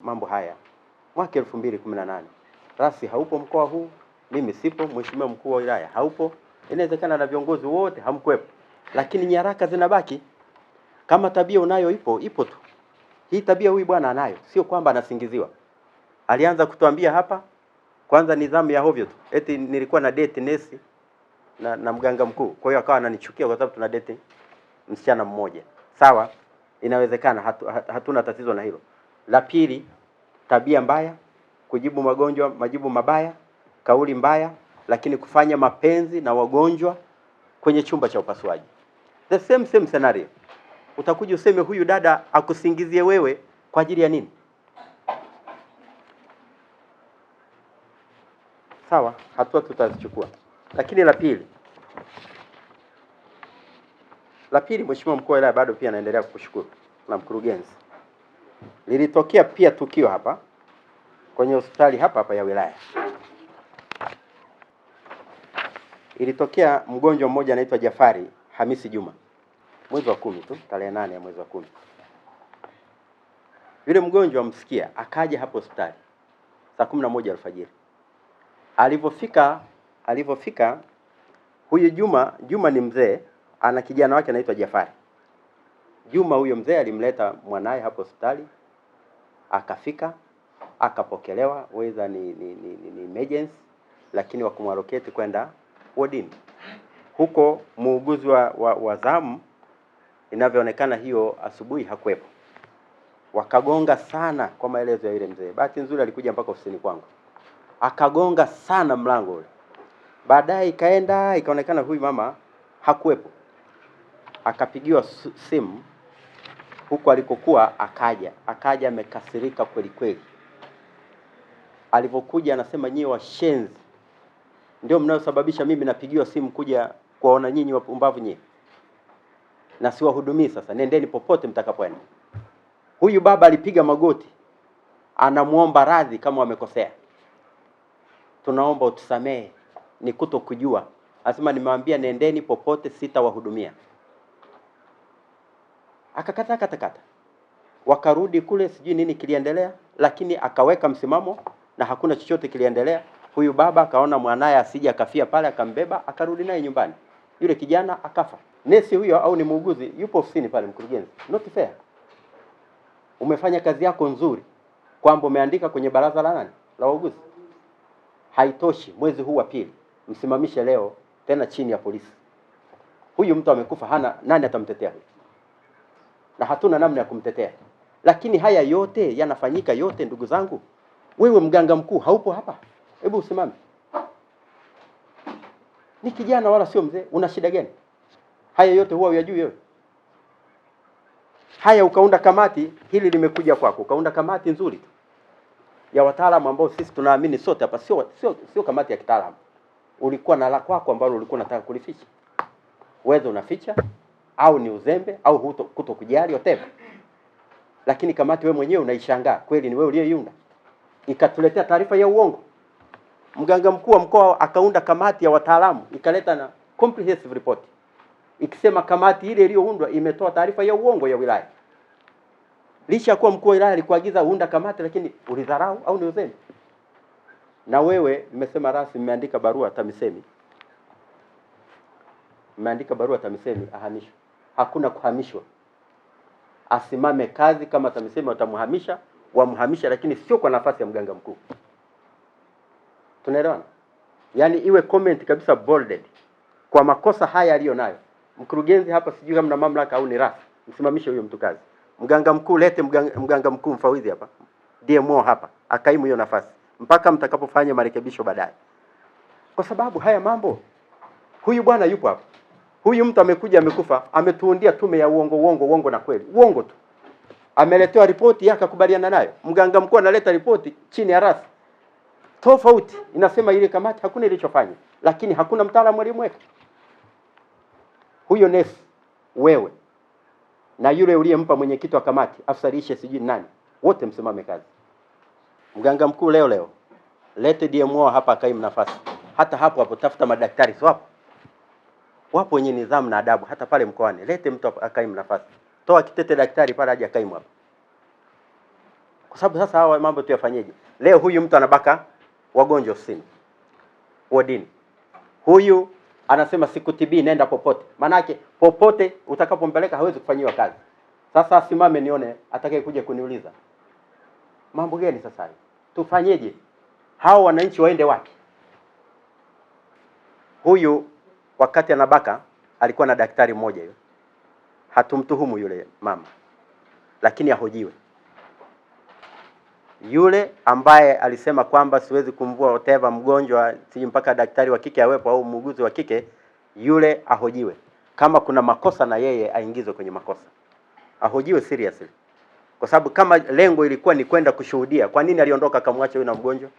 mambo haya. Mwaka 2018 rasi haupo mkoa huu, mimi sipo, mheshimiwa mkuu wa wilaya haupo, inawezekana na viongozi wote hamkwepo, lakini nyaraka zinabaki. Kama tabia unayo ipo ipo tu. Hii tabia huyu bwana anayo, sio kwamba anasingiziwa. Alianza kutuambia hapa kwanza nidhamu ya hovyo tu, eti nilikuwa na date nesi na, na mganga mkuu, kwa hiyo akawa ananichukia kwa sababu tuna date msichana mmoja. Sawa, inawezekana hatu, hatuna tatizo na hilo. La pili, tabia mbaya, kujibu magonjwa majibu mabaya, kauli mbaya, lakini kufanya mapenzi na wagonjwa kwenye chumba cha upasuaji. The same same scenario. Utakuja useme huyu dada akusingizie wewe kwa ajili ya nini? Sawa, hatua tutazichukua. Lakini la pili, la pili, Mheshimiwa mkuu wa wilaya, bado pia naendelea kukushukuru na mkurugenzi Lilitokea pia tukio hapa kwenye hospitali hapa hapa ya wilaya. Ilitokea mgonjwa mmoja anaitwa Jafari Hamisi Juma, mwezi wa kumi tu, tarehe nane ya mwezi wa kumi. Yule mgonjwa msikia akaja hapo hospitali saa kumi na moja alfajiri. Alivyofika alivyofika huyu Juma, Juma ni mzee, ana kijana wake anaitwa Jafari. Juma huyo mzee alimleta mwanaye hapo hospitali akafika akapokelewa whether ni, ni, ni, ni, ni emergency, lakini wakumwaroketi kwenda wodini huko. Muuguzi wa, wa, wa zamu inavyoonekana hiyo asubuhi hakuwepo, wakagonga sana kwa maelezo ya yule mzee. Bahati nzuri alikuja mpaka ofisini kwangu, akagonga sana mlango ule. Baadaye ikaenda ikaonekana huyu mama hakuwepo, akapigiwa simu huku alikokuwa akaja akaja amekasirika kweli kweli. Alivyokuja anasema, nyie washenzi ndio mnayosababisha mimi napigiwa simu kuja kuwaona nyinyi wapumbavu nyie, na siwahudumii. Sasa nendeni popote mtakapoenda. Huyu baba alipiga magoti, anamwomba radhi kama wamekosea, tunaomba utusamehe, ni kuto kujua. Anasema nimewaambia nendeni popote, sitawahudumia akakata kata kata, wakarudi kule, sijui nini kiliendelea, lakini akaweka msimamo na hakuna chochote kiliendelea. Huyu baba akaona mwanaye asije akafia pale, akambeba akarudi naye nyumbani. Yule kijana akafa. Nesi huyo au ni muuguzi yupo ofisini pale, mkurugenzi, not fair. Umefanya kazi yako nzuri kwamba umeandika kwenye baraza la nani la wauguzi, haitoshi. Mwezi huu wa pili msimamishe leo tena chini ya polisi. Huyu mtu amekufa, hana nani atamtetea huyu? na hatuna namna ya kumtetea. Lakini haya yote yanafanyika yote, ndugu zangu, wewe mganga mkuu haupo hapa, hebu usimame. Ni kijana wala sio mzee, una shida gani? Haya yote huwa uyajui wewe. Haya ukaunda kamati, hili limekuja kwako, ukaunda kamati nzuri tu ya wataalamu ambao sisi tunaamini sote hapa, sio sio sio kamati ya kitaalamu. Ulikuwa na la kwako ambalo ulikuwa unataka kulificha, wewe unaficha au ni uzembe au kuto kujali whatever, lakini kamati wewe mwenyewe unaishangaa, kweli ni wewe uliyeiunda, ikatuletea taarifa ya uongo. Mganga mkuu wa mkoa akaunda kamati ya wataalamu ikaleta na comprehensive report ikisema kamati ile iliyoundwa imetoa taarifa ya uongo ya wilaya, licha ya kuwa mkuu wa wilaya alikuagiza uunda kamati, lakini ulidharau au ni uzembe. Na wewe mmesema rasmi, mmeandika barua TAMISEMI, mmeandika barua TAMISEMI ahamishwe hakuna kuhamishwa, asimame kazi. Kama TAMISEMI watamhamisha, wamhamisha, lakini sio kwa nafasi ya mganga mkuu. Tunaelewana? Yaani iwe comment kabisa bolded kwa makosa haya aliyo nayo mkurugenzi hapa, sijui kama na mamlaka au ni rasi, msimamishe huyo mtu kazi. Mganga mkuu lete mganga, mganga mkuu mfawidhi hapa, DMO hapa, akaimu hiyo nafasi mpaka mtakapofanya marekebisho baadaye, kwa sababu haya mambo, huyu bwana yupo hapa. Huyu mtu amekuja amekufa, ametuundia tume ya uongo uongo uongo na kweli uongo tu. Ameletewa ripoti yake akakubaliana nayo, mganga mkuu analeta ripoti chini ya rasi tofauti, inasema ile kamati hakuna ilichofanya, lakini hakuna mtaalamu aliyemweka huyo nesi. Wewe na yule uliyempa mwenyekiti wa kamati, afsarishe, sijui nani, wote msimame kazi. Mganga mkuu leo leo lete DMO hapa, akaim nafasi hata hapo hapo, tafuta madaktari swapo Wapo wenye nidhamu na adabu hata pale mkoani. Lete mtu akaimu nafasi. Toa kitete daktari pale aje akaimu hapa. Kwa sababu sasa hawa mambo yafanyeje? Leo huyu mtu anabaka wagonjwa ofisini. Wodini. Huyu anasema siku tb naenda popote. Manake popote utakapompeleka hawezi kufanyiwa kazi. Sasa asimame nione atakaye kuja kuniuliza. Mambo gani sasa Tufanyeje? Hao wananchi waende wapi? Huyu wakati anabaka alikuwa na daktari mmoja hiyo, hatumtuhumu yule mama, lakini ahojiwe yule ambaye alisema kwamba siwezi kumvua whatever mgonjwa si mpaka daktari wa kike awepo au muuguzi wa kike, yule ahojiwe. Kama kuna makosa na yeye aingizwe kwenye makosa, ahojiwe seriously, kwa sababu kama lengo ilikuwa ni kwenda kushuhudia, kwa nini aliondoka akamwacha huyu na mgonjwa?